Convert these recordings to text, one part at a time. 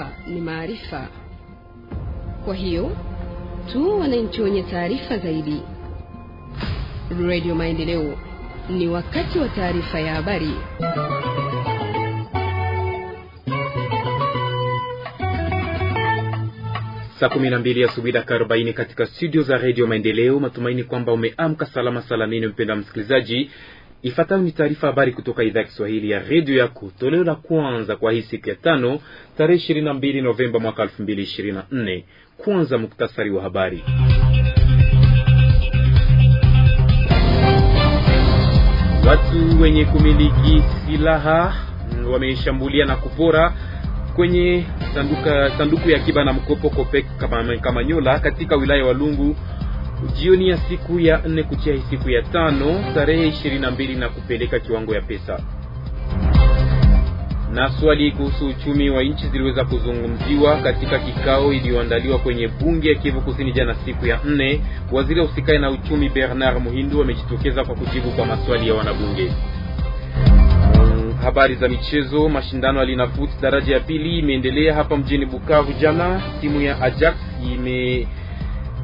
Ah, ni maarifa. Kwa hiyo tu wananchi wenye taarifa zaidi. Radio Maendeleo, ni wakati wa taarifa ya habari. Saa 12 asubuhi dakika 40 katika studio za Radio Maendeleo. Matumaini kwamba umeamka salama salamini, mpenda msikilizaji. Ifuatayo ni taarifa habari kutoka idhaa ya Kiswahili ya redio yako toleo la kwanza kwa hii siku ya tano tarehe 22 Novemba mwaka 2024. Kwanza muktasari wa habari. Watu wenye kumiliki silaha wameshambulia na kupora kwenye sanduka, sanduku ya akiba na mkopo Kopek Kamanyola katika wilaya ya Walungu jioni ya siku ya nne kuchia siku ya tano tarehe 22 na kupeleka kiwango ya pesa na swali kuhusu uchumi wa nchi ziliweza kuzungumziwa katika kikao iliyoandaliwa kwenye bunge ya Kivu Kusini jana siku ya nne. Waziri usikae na uchumi Bernard Muhindu amejitokeza kwa kujibu kwa maswali ya wanabunge. habari za michezo. Mashindano ya Linafoot daraja ya pili imeendelea hapa mjini Bukavu jana, timu ya Ajax ime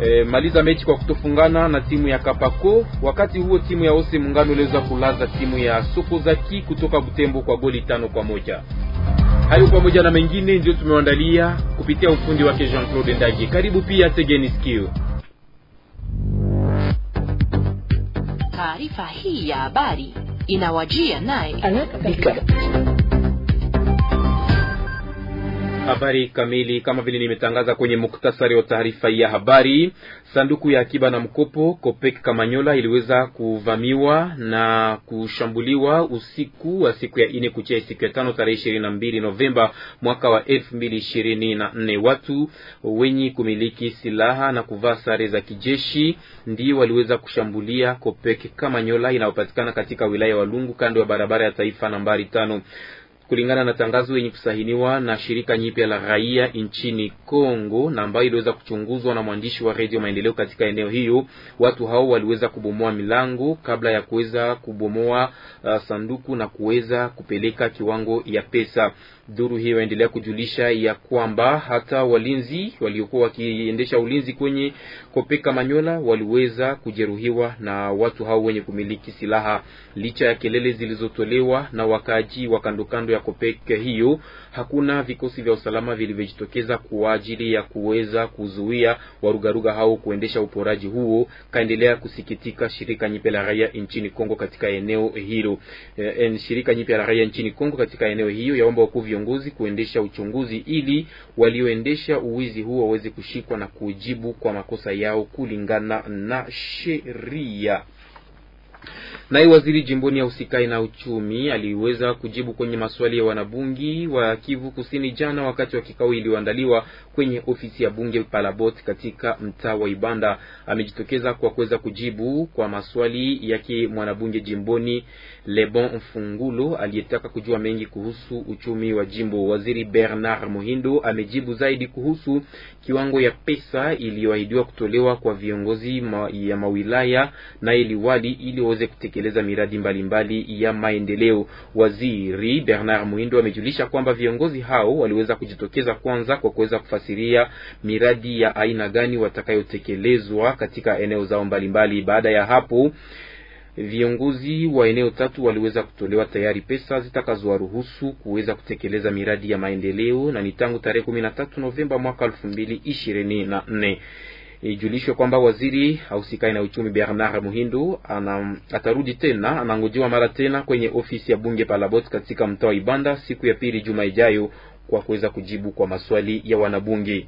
e, maliza mechi kwa kutofungana na timu ya Kapako. Wakati huo timu ya Ose Muungano iliweza kulaza timu ya Sokozaki kutoka Butembo kwa goli tano kwa moja. Hayo pamoja na mengine ndio tumeandalia kupitia ufundi wake Jean Claude Ndage. Karibu pia tegeni sikio taarifa hii ya habari inawajia naye Mm. Habari kamili kama vile nimetangaza kwenye muktasari wa taarifa ya habari. Sanduku ya akiba na mkopo Kopek Kamanyola iliweza kuvamiwa na kushambuliwa usiku wa siku ya ine kuchia siku ya tano tarehe ishirini na mbili Novemba mwaka wa elfu mbili ishirini na nne. Watu wenye kumiliki silaha na kuvaa sare za kijeshi ndio waliweza kushambulia Kopek Kamanyola inayopatikana katika wilaya ya Walungu kando ya barabara ya taifa nambari tano kulingana na tangazo yenye kusahiniwa na shirika nyipya la raia nchini Kongo na ambayo iliweza kuchunguzwa na mwandishi wa redio Maendeleo katika eneo hiyo, watu hao waliweza kubomoa milango kabla ya kuweza kubomoa uh, sanduku na kuweza kupeleka kiwango ya pesa. Duru hiyo endelea kujulisha ya kwamba hata walinzi waliokuwa wakiendesha ulinzi kwenye Kopeka Manyola waliweza kujeruhiwa na watu hao wenye kumiliki silaha, licha ya kelele zilizotolewa na wakaaji wa kandokando ya COPEC hiyo hakuna vikosi vya usalama vilivyojitokeza kwa ajili ya kuweza kuzuia warugaruga hao kuendesha uporaji huo, kaendelea kusikitika shirika nyipe la raia nchini Kongo katika eneo hilo. E, shirika nyipe la raia nchini Kongo katika eneo hiyo yaomba wakuu viongozi kuendesha uchunguzi ili walioendesha uwizi huo waweze kushikwa na kujibu kwa makosa yao kulingana na sheria. Naye waziri jimboni ya usikai na uchumi aliweza kujibu kwenye maswali ya wanabungi wa Kivu Kusini jana wakati wa kikao iliyoandaliwa kwenye ofisi ya bunge Palabot katika mtaa wa Ibanda. Amejitokeza kwa kuweza kujibu kwa maswali yake mwanabunge jimboni Lebon Mfungulo aliyetaka kujua mengi kuhusu uchumi wa jimbo. Waziri Bernard Mohindo amejibu zaidi kuhusu kiwango ya pesa iliyoahidiwa kutolewa kwa viongozi ma ya mawilaya na iliwali ili waweze kutekeleza miradi mbalimbali mbali ya maendeleo. Waziri Bernard Muindo amejulisha kwamba viongozi hao waliweza kujitokeza kwanza kwa kuweza kufasiria miradi ya aina gani watakayotekelezwa katika eneo zao mbalimbali mbali. Baada ya hapo viongozi wa eneo tatu waliweza kutolewa tayari pesa zitakazowaruhusu kuweza kutekeleza miradi ya maendeleo na ni tangu tarehe 13 Novemba mwaka 2024. Ijulishwe kwamba waziri ausikai na uchumi Bernard Muhindu ana, atarudi tena, anangojiwa mara tena kwenye ofisi ya bunge Palabot katika mtaa wa Ibanda siku ya pili juma ijayo kwa kuweza kujibu kwa maswali ya wanabunge.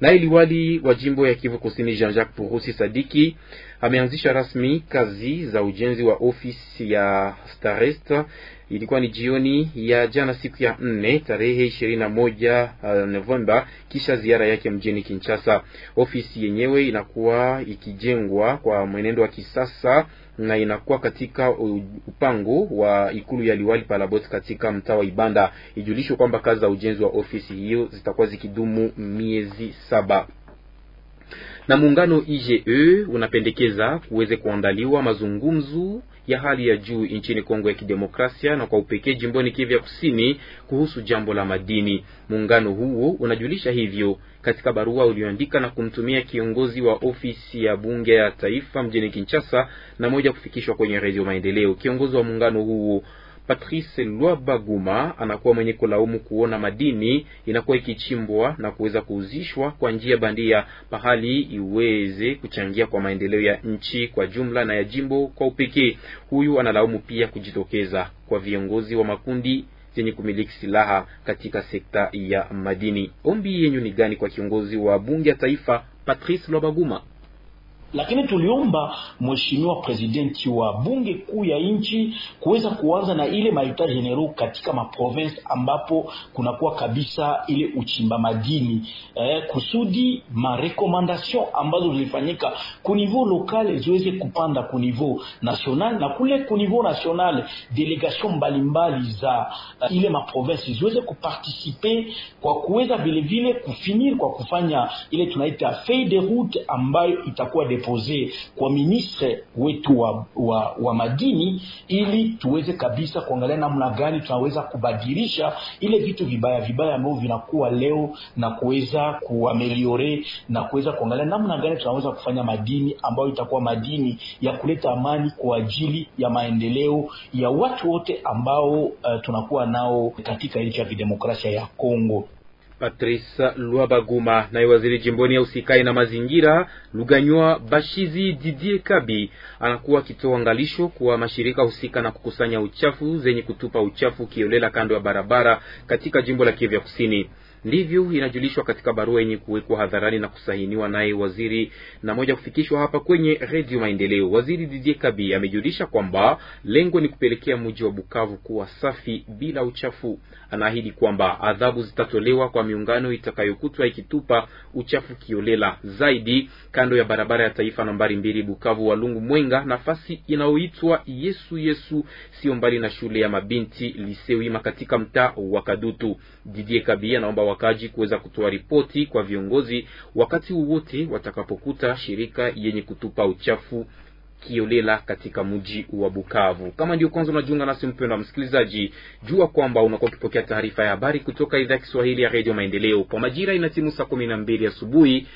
Naye liwali wa jimbo ya Kivu Kusini Jean-Jacques Purusi Sadiki ameanzisha rasmi kazi za ujenzi wa ofisi ya Starest. Ilikuwa ni jioni ya jana siku ya nne tarehe ishirini na moja uh, Novemba, kisha ziara yake mjini Kinshasa. Ofisi yenyewe inakuwa ikijengwa kwa mwenendo wa kisasa na inakuwa katika upango wa ikulu ya liwali Palabot katika mtaa wa Ibanda. Ijulishwe kwamba kazi za ujenzi wa ofisi hiyo zitakuwa zikidumu miezi saba na muungano IGE unapendekeza kuweze kuandaliwa mazungumzo ya hali ya juu nchini Kongo ya Kidemokrasia na kwa upekee jimboni Kivu ya Kusini kuhusu jambo la madini. Muungano huo unajulisha hivyo katika barua ulioandika na kumtumia kiongozi wa ofisi ya bunge ya taifa mjini Kinshasa na moja kufikishwa kwenye Redio Maendeleo. Kiongozi wa muungano huo Patrice Lwabaguma anakuwa mwenye kulaumu kuona madini inakuwa ikichimbwa na kuweza kuuzishwa kwa njia bandia, pahali iweze kuchangia kwa maendeleo ya nchi kwa jumla na ya jimbo kwa upekee. Huyu analaumu pia kujitokeza kwa viongozi wa makundi zenye kumiliki silaha katika sekta ya madini. Ombi yenyu ni gani kwa kiongozi wa bunge ya taifa Patrice Lwabaguma? lakini tuliomba mheshimiwa presidenti wa bunge kuu ya nchi kuweza kuanza na ile maeta generau katika maprovince ambapo kunakuwa kabisa ile uchimba madini eh, kusudi marekomandation ambazo zilifanyika kunivou lokal ziweze kupanda kunivou national na kule kunivou national delegation mbalimbali za uh, ile maprovince ziweze kupartisipe kwa kuweza vilevile kufinir kwa kufanya ile tunaita feuille de route ambayo itakuwa de deposer kwa ministre wetu wa, wa, wa madini ili tuweze kabisa kuangalia namna gani tunaweza kubadilisha ile vitu vibaya vibaya ambavyo vinakuwa leo na kuweza kuameliore na kuweza kuangalia namna gani tunaweza kufanya madini ambayo itakuwa madini ya kuleta amani kwa ajili ya maendeleo ya watu wote ambao uh, tunakuwa nao katika nchi ya kidemokrasia ya Kongo. Patrice Lwabaguma, naye waziri jimboni ya usikai na mazingira Luganywa Bashizi Didie Kabi anakuwa akitoa angalisho kwa mashirika husika na kukusanya uchafu zenye kutupa uchafu kiolela kando ya barabara katika jimbo la Kivu Kusini. Ndivyo inajulishwa katika barua yenye kuwekwa hadharani na kusahiniwa naye waziri na moja kufikishwa hapa kwenye Redio Maendeleo. Waziri Didier Kabi amejulisha kwamba lengo ni kupelekea mji wa Bukavu kuwa safi bila uchafu. Anaahidi kwamba adhabu zitatolewa kwa miungano itakayokutwa ikitupa uchafu kiolela zaidi kando ya barabara ya taifa nambari mbili Bukavu Walungu Mwenga, nafasi inayoitwa Yesu Yesu, sio mbali na shule ya mabinti Lisewima katika mtaa wa Kadutu. Didier Kabi anaomba wakaji kuweza kutoa ripoti kwa viongozi wakati wowote watakapokuta shirika yenye kutupa uchafu kiolela katika mji wa Bukavu. Kama ndio kwanza unajiunga nasi, mpendwa msikilizaji, jua kwamba unakuwa ukipokea taarifa ya habari kutoka idhaa ya Kiswahili ya Redio Maendeleo. Kwa majira ina timu saa kumi na mbili asubuhi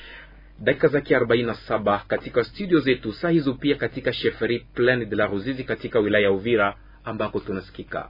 dakika zake 47 katika studio zetu saa hizo, pia katika Sheferi Plan de la Ruzizi katika wilaya ya Uvira ambako tunasikika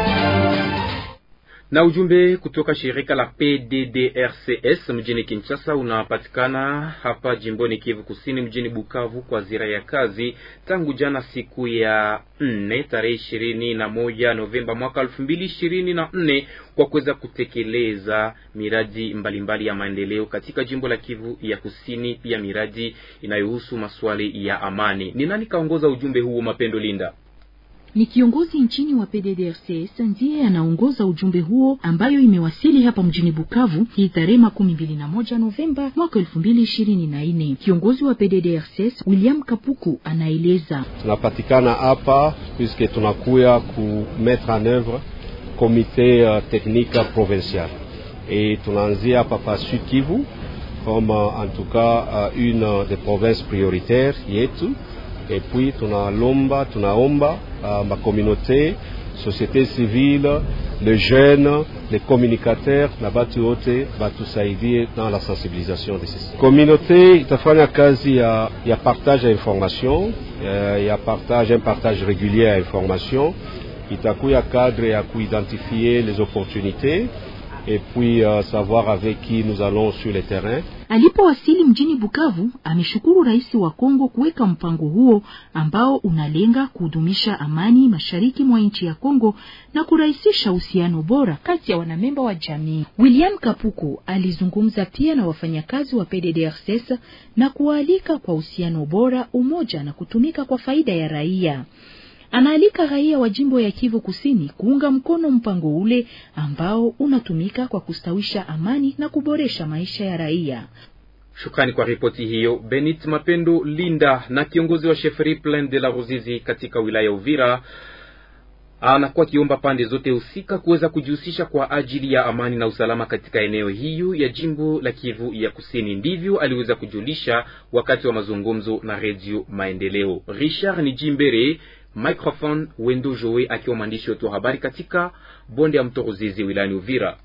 na ujumbe kutoka shirika la PDDRCS mjini Kinshasa unapatikana hapa jimboni Kivu Kusini mjini Bukavu kwa zira ya kazi tangu jana siku ya nne tarehe ishirini na moja Novemba mwaka elfu mbili ishirini na nne kwa kuweza kutekeleza miradi mbalimbali mbali ya maendeleo katika jimbo la Kivu ya Kusini, pia miradi inayohusu maswali ya amani. Ni nani kaongoza ujumbe huo? Mapendo Linda ni kiongozi nchini wa PDDRCS ndiye anaongoza ujumbe huo ambayo imewasili hapa mjini Bukavu hii tarehe makumi mbili na moja Novemba mwaka elfu mbili ishirini na nne. Kiongozi wa PDDRCS William Kapuku anaeleza, tunapatikana hapa puisque tunakuya ku mettre en oeuvre comité euh, technique provincial et tunaanzia hapa pa Sud Kivu comme euh, en tout cas euh, une des provinces prioritaires yetu et puis tunalomba tunaomba ma communauté, société civile, les jeunes, les communicateurs, va tout ça aider dans la sensibilisation de ces communauté. Itafanya kazi ya, ya partage d'informations, euh, information à partage, un partage régulier Il information un cadre et ya identifier les opportunités et puis euh, savoir avec qui nous allons sur le terrain. Alipowasili mjini Bukavu, ameshukuru rais wa Kongo kuweka mpango huo ambao unalenga kudumisha amani mashariki mwa nchi ya Kongo na kurahisisha uhusiano bora kati ya wanamemba wa jamii. William kapuku alizungumza pia na wafanyakazi wa PDDRCS na kuwaalika kwa uhusiano bora, umoja na kutumika kwa faida ya raia anaalika raia wa jimbo ya Kivu Kusini kuunga mkono mpango ule ambao unatumika kwa kustawisha amani na kuboresha maisha ya raia. Shukrani kwa ripoti hiyo, Benit Mapendo Linda na kiongozi wa Sheferi Plan de la Ruzizi katika wilaya ya Uvira anakuwa akiomba pande zote husika kuweza kujihusisha kwa ajili ya amani na usalama katika eneo hiyo ya jimbo la Kivu ya Kusini. Ndivyo aliweza kujulisha wakati wa mazungumzo na Redio Maendeleo. Richard Nijimbere microphone Wendo Joe akiwa mwandishi wetu wa habari katika bonde ya mto Ruzizi wilayani Uvira.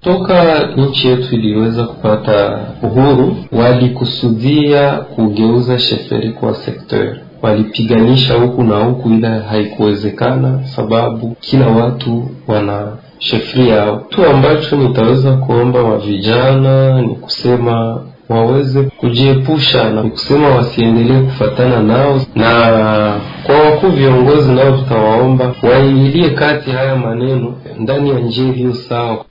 Toka nchi yetu iliweza kupata uhuru, walikusudia kugeuza sheferi kwa sekteur walipiganisha huku na huku, ila haikuwezekana, sababu kila watu wana shefri yao tu. Ambacho nitaweza kuomba wa vijana ni kusema waweze kujiepusha, na ni kusema wasiendelee kufatana nao na kwa wakuu viongozi, nao tutawaomba waingilie kati haya maneno ndani ya njia iliyo sawa.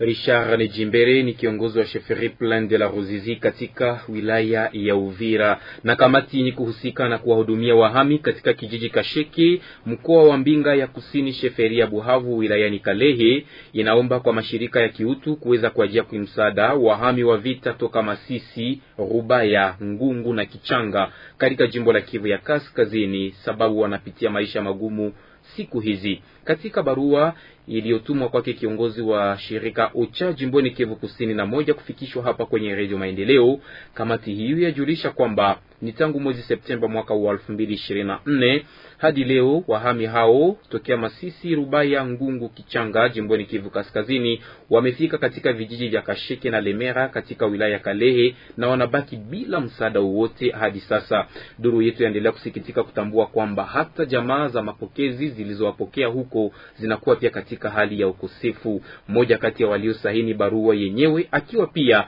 Richard Nejimbere ni kiongozi wa Sheferi Plan de la Ruzizi katika wilaya ya Uvira na kamati yenye kuhusika na kuwahudumia wahami katika kijiji Kasheki mkoa wa Mbinga ya Kusini, Sheferi ya Buhavu wilayani Kalehe inaomba kwa mashirika ya kiutu kuweza kuajia kimsaada wahami wa vita toka Masisi, Rubaya, Ngungu na Kichanga katika jimbo la Kivu ya Kaskazini, sababu wanapitia maisha magumu siku hizi. Katika barua iliyotumwa kwake kiongozi wa shirika OCHA jimboni Kivu Kusini na moja kufikishwa hapa kwenye Redio Maendeleo, kamati hiyo yajulisha kwamba ni tangu mwezi Septemba mwaka wa 2024 hadi leo. Wahami hao tokea Masisi, Rubaya, Ngungu, Kichanga jimboni Kivu Kaskazini wamefika katika vijiji vya Kasheke na Lemera katika wilaya ya Kalehe na wanabaki bila msaada wowote hadi sasa. Duru yetu yaendelea kusikitika kutambua kwamba hata jamaa za mapokezi zilizowapokea huko zinakuwa pia katika hali ya ukosefu. Mmoja kati ya waliosahini barua yenyewe akiwa pia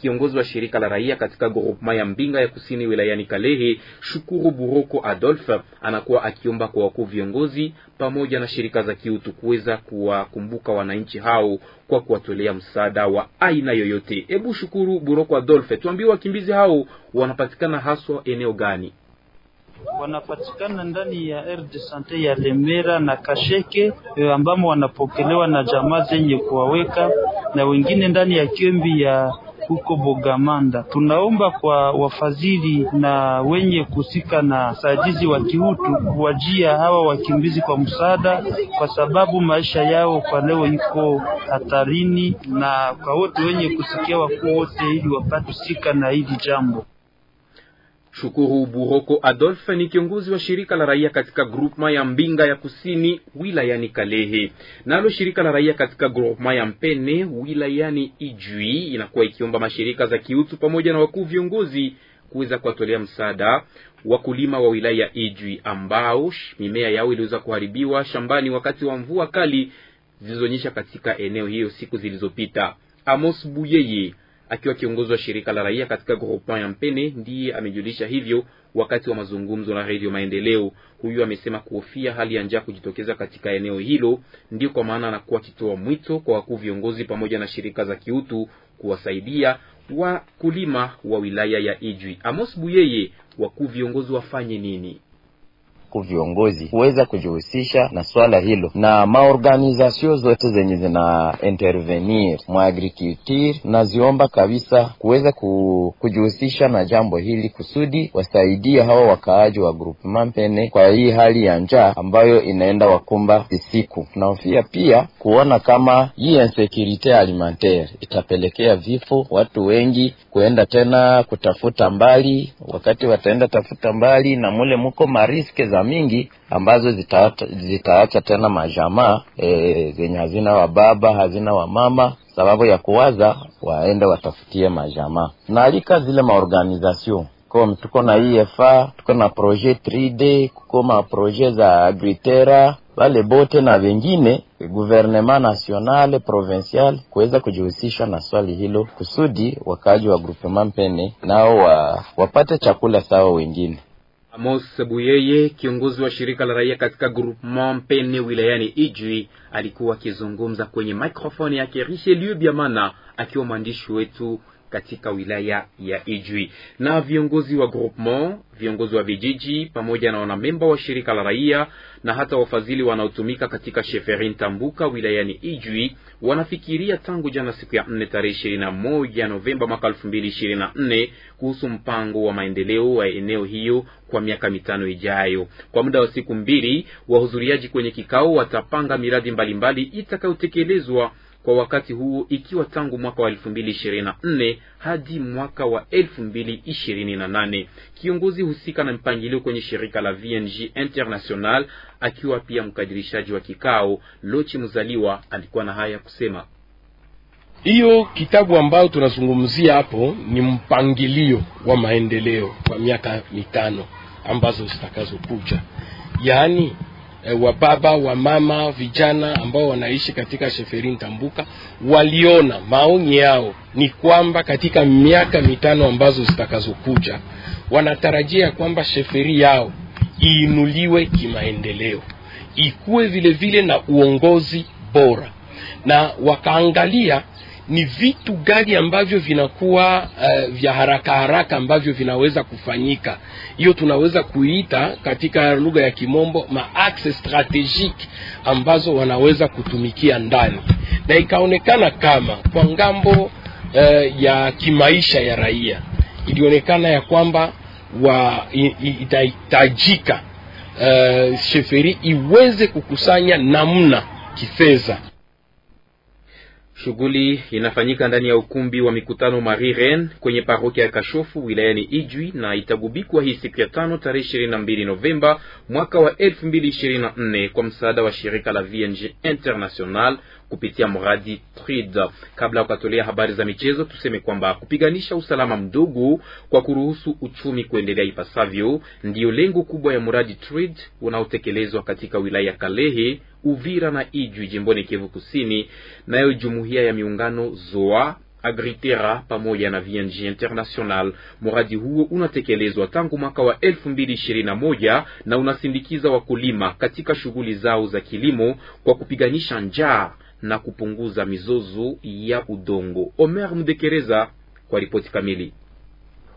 kiongozi wa shirika la raia katika groupema ya Mbinga ya Kusini wilayani Kalehe, Shukuru Buroko Adolf anakuwa akiomba kwa wakuu viongozi pamoja na shirika za kiutu kuweza kuwakumbuka wananchi hao kwa kuwatolea msaada wa aina yoyote. Hebu Shukuru Buroko Adolf, tuambie wakimbizi hao wanapatikana haswa eneo gani? wanapatikana ndani ya RD Sante ya Lemera na Kasheke eh, ambamo wanapokelewa na jamaa zenye kuwaweka na wengine ndani ya kembi ya huko Bogamanda. Tunaomba kwa wafadhili na wenye kusika na saidizi wa kiutu kuwajia hawa wakimbizi kwa msaada, kwa sababu maisha yao kwa leo iko hatarini, na kwa wote wenye kusikia wakuu wote ili wapate husika na hili jambo. Shukuru Buroko Adolphe ni kiongozi wa shirika la raia katika grupema ya Mbinga ya Kusini wilayani Kalehe. Nalo shirika la raia katika grupema ya Mpene wilayani Ijwi inakuwa ikiomba mashirika za kiutu pamoja na wakuu viongozi kuweza kuwatolea msaada wakulima wa wilaya Ijwi ambao mimea yao iliweza kuharibiwa shambani wakati wa mvua kali zilizonyesha katika eneo hiyo siku zilizopita. Amos Buyeye akiwa kiongozi wa shirika la raia katika groupement ya Mpene, ndiye amejulisha hivyo wakati wa mazungumzo na Radio Maendeleo. Huyu amesema kuhofia hali ya njaa kujitokeza katika eneo hilo, ndio kwa maana anakuwa akitoa mwito kwa wakuu viongozi pamoja na shirika za kiutu kuwasaidia wakulima wa wilaya ya Ijwi. Amos Buyeye, wakuu viongozi wafanye nini? huku viongozi kuweza kujihusisha na swala hilo, na maorganizasio zote zenye zina intervenir mwa agriculture naziomba kabisa kuweza kujihusisha na jambo hili kusudi wasaidie hawa wakaaji wa groupement pene kwa hii hali ya njaa ambayo inaenda wakumba isiku naofia pia kuona kama hii insecurite alimentaire itapelekea vifo, watu wengi kuenda tena kutafuta mbali, wakati wataenda tafuta mbali na mule muko mariske za mingi ambazo zitaacha, zitaacha tena majamaa e, zenye hazina wa baba hazina wa mama sababu ya kuwaza waende watafutie majamaa. Naalika zile maorganizasyon kom tuko na IFA tuko na proje 3D kuko ma proje za agritera wale bote na wengine guvernema national provincial kuweza kujihusisha na swali hilo kusudi wakaji wa grupema Mpene nao wa, wapate chakula sawa wengine Amos buyeye kiongozi wa shirika la raia katika groupement Mpene wilayani Ijwi, alikuwa akizungumza kwenye microphone yake Richelieu Biamana, akiwa mwandishi wetu katika wilaya ya Ijwi. Na viongozi wa groupement, viongozi wa vijiji pamoja na wanamemba wa shirika la raia na hata wafadhili wanaotumika katika Sheferin Tambuka wilayani Ijwi wanafikiria tangu jana siku ya 4 tarehe 21 Novemba mwaka 2024 kuhusu mpango wa maendeleo wa eneo hiyo kwa miaka mitano ijayo. Kwa muda wa siku mbili, wahudhuriaji kwenye kikao watapanga miradi mbalimbali itakayotekelezwa kwa wakati huo, ikiwa tangu mwaka wa 2024 hadi mwaka wa 2028. Kiongozi husika na mpangilio kwenye shirika la VNG International, akiwa pia mkadirishaji wa kikao, Lochi Mzaliwa alikuwa na haya kusema. Hiyo kitabu ambayo tunazungumzia hapo ni mpangilio wa maendeleo kwa miaka mitano ambazo zitakazokuja, yaani eh, wa mama vijana ambao wanaishi katika sheferi Ntambuka waliona, maoni yao ni kwamba katika miaka mitano ambazo zitakazokuja wanatarajia kwamba sheferi yao iinuliwe kimaendeleo, ikuwe vilevile vile na uongozi bora, na wakaangalia ni vitu gani ambavyo vinakuwa uh, vya haraka haraka ambavyo vinaweza kufanyika. Hiyo tunaweza kuita katika lugha ya Kimombo maaxe strategique ambazo wanaweza kutumikia ndani, na ikaonekana kama kwa ngambo uh, ya kimaisha ya raia ilionekana ya kwamba wa itahitajika uh, sheferi iweze kukusanya namna kifedha Shughuli inafanyika ndani ya ukumbi wa mikutano marie ren kwenye parokia ya Kashofu wilayani Ijwi na itagubikwa hii siku ya tano tarehe ishirini na mbili Novemba mwaka wa elfu mbili ishirini na nne kwa msaada wa shirika la VNG International kupitia mradi TRID. Kabla ya kukatolea habari za michezo, tuseme kwamba kupiganisha usalama mdogo kwa kuruhusu uchumi kuendelea ipasavyo ndiyo lengo kubwa ya mradi TRID unaotekelezwa katika wilaya ya Kalehe Uvira na Ijwi jimboni Kivu Kusini, nayo jumuiya ya miungano ZOA Agritera pamoja na VNG International. Mradi huo unatekelezwa tangu mwaka wa 2021 na unasindikiza wakulima katika shughuli zao za kilimo kwa kupiganisha njaa na kupunguza mizozo ya udongo. Omer Mdekereza kwa ripoti kamili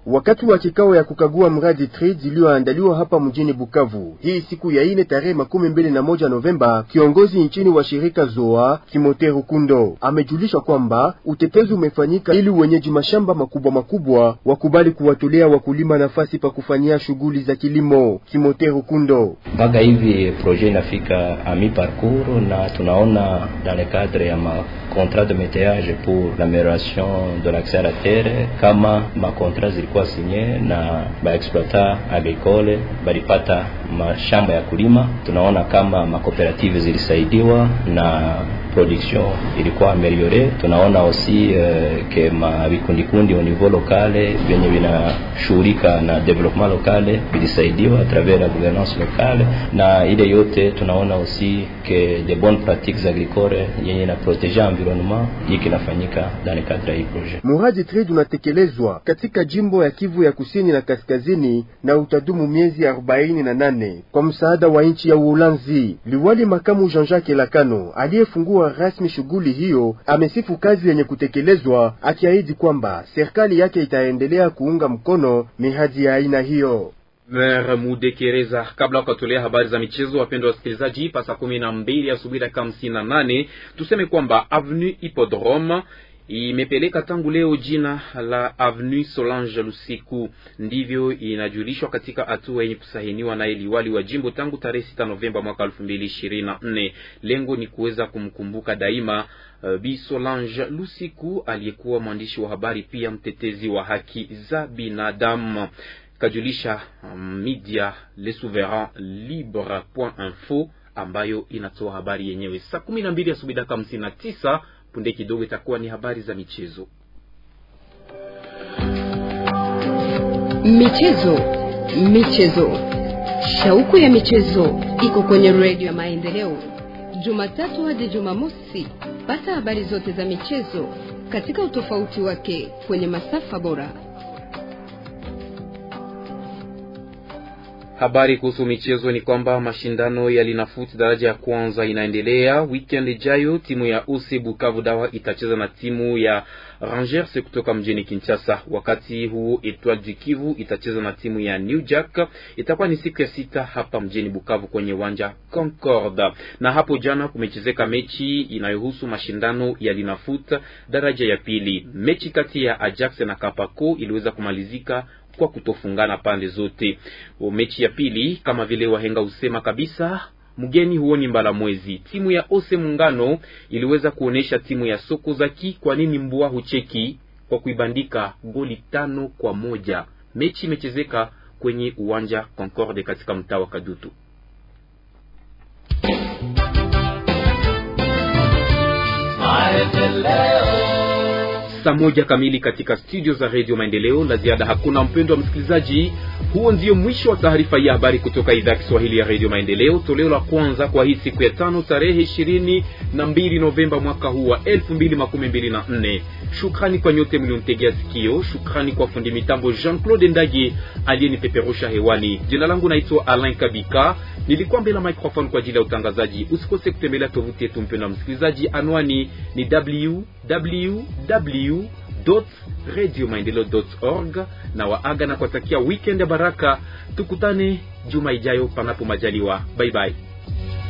wakati wa kikao ya kukagua mradi trade iliyoandaliwa hapa mjini Bukavu hii siku ya ine tarehe makumi mbili na moja Novemba, kiongozi nchini wa shirika ZOA Timote Rukundo amejulisha kwamba utetezi umefanyika ili wenyeji mashamba makubwa makubwa wakubali kuwatolea wakulima nafasi pa kufanyia shughuli za kilimo. Timote Rukundo: mpaka hivi projet inafika ami parcours na tunaona dans le cadre ya contrat de meteage pour l'amélioration de l'accès à la terre kama contrat zilikuwa sinye na baexploita agricole balipata mashamba ya kulima. Tunaona kama makooperative zilisaidiwa na production ilikuwa ameliore. Tunaona osi uh, ke mavikundikundi au niveau lokale vyenye vinashughulika na development lokale vilisaidiwa atravers la gouvernance lokale, na ile yote tunaona osi ke de bonnes pratiques agricole yenye na protege environnement yiki nafanyika ndani kadra hii projet. Muradi trade unatekelezwa katika jimbo ya Kivu ya kusini na kaskazini na utadumu miezi arobaini na nane kwa msaada wa nchi ya Uholanzi. Liwali makamu Jean-Jacques Lakano aliyefungua kuchukua rasmi shughuli hiyo, amesifu kazi yenye kutekelezwa, akiahidi kwamba serikali yake itaendelea kuunga mkono mihadi ya aina hiyo. Mer Mudekereza, kabla ukatolea habari za michezo, wapendwa wasikilizaji, pasa kumi na mbili asubuhi dakika hamsini na nane tuseme kwamba Avenue Hippodrome imepeleka tangu leo jina la Avenue Solange Lusiku. Ndivyo inajulishwa katika hatua yenye kusahiniwa naye liwali wa jimbo tangu tarehe 6 Novemba mwaka 2024. Lengo ni kuweza kumkumbuka daima uh, Bi Solange Lusiku aliyekuwa mwandishi wa habari pia mtetezi wa haki za binadamu. Kajulisha mm, media Le Souverain Libre.info ambayo inatoa habari yenyewe saa 12 asubuhi dakika 59 Punde kidogo itakuwa ni habari za michezo. Michezo, michezo, shauku ya michezo iko kwenye redio ya Maendeleo, Jumatatu hadi Jumamosi. Pata habari zote za michezo katika utofauti wake kwenye masafa bora. Habari kuhusu michezo ni kwamba mashindano ya Linafoot daraja ya kwanza inaendelea weekend ijayo. Timu ya UC Bukavu Dawa itacheza na timu ya Rangers kutoka mjini Kinshasa. Wakati huo Etoile du Kivu itacheza na timu ya New Jack. Itakuwa ni siku ya sita hapa mjini Bukavu kwenye uwanja Concord. Na hapo jana kumechezeka mechi inayohusu mashindano ya Linafoot daraja ya pili. Mechi kati ya Ajax na Kapako iliweza kumalizika kwa kutofungana pande zote. Mechi ya pili kama vile wahenga husema kabisa mgeni huoni mbala mwezi. Timu ya Ose Muungano iliweza kuonyesha timu ya soko zaki kwa nini mbwa hucheki kwa kuibandika goli tano kwa moja. Mechi imechezeka kwenye uwanja Concorde katika mtaa wa Kadutu saa moja kamili katika studio za redio Maendeleo. La ziada hakuna, mpendo wa msikilizaji. Huo ndio mwisho wa taarifa ya habari kutoka idhaa ya Kiswahili ya redio Maendeleo, toleo la kwanza kwa hii siku ya tano, tarehe ishirini na mbili Novemba mwaka huu wa elfu mbili makumi mbili na nne. Shukrani kwa nyote mlionitegea sikio. Shukrani kwa fundi mitambo Jean Claude ni aliyenipeperusha hewani. Jina langu naitwa Alain Kabika, nilikuwa mbele microphone kwa ajili ya utangazaji. Usikose kutembelea tovuti yetu na msikilizaji, anwani ni www radio maendeleo org, na waaga na kuwatakia weekend ya baraka. Tukutane juma ijayo, panapo majaliwa. Bye bye.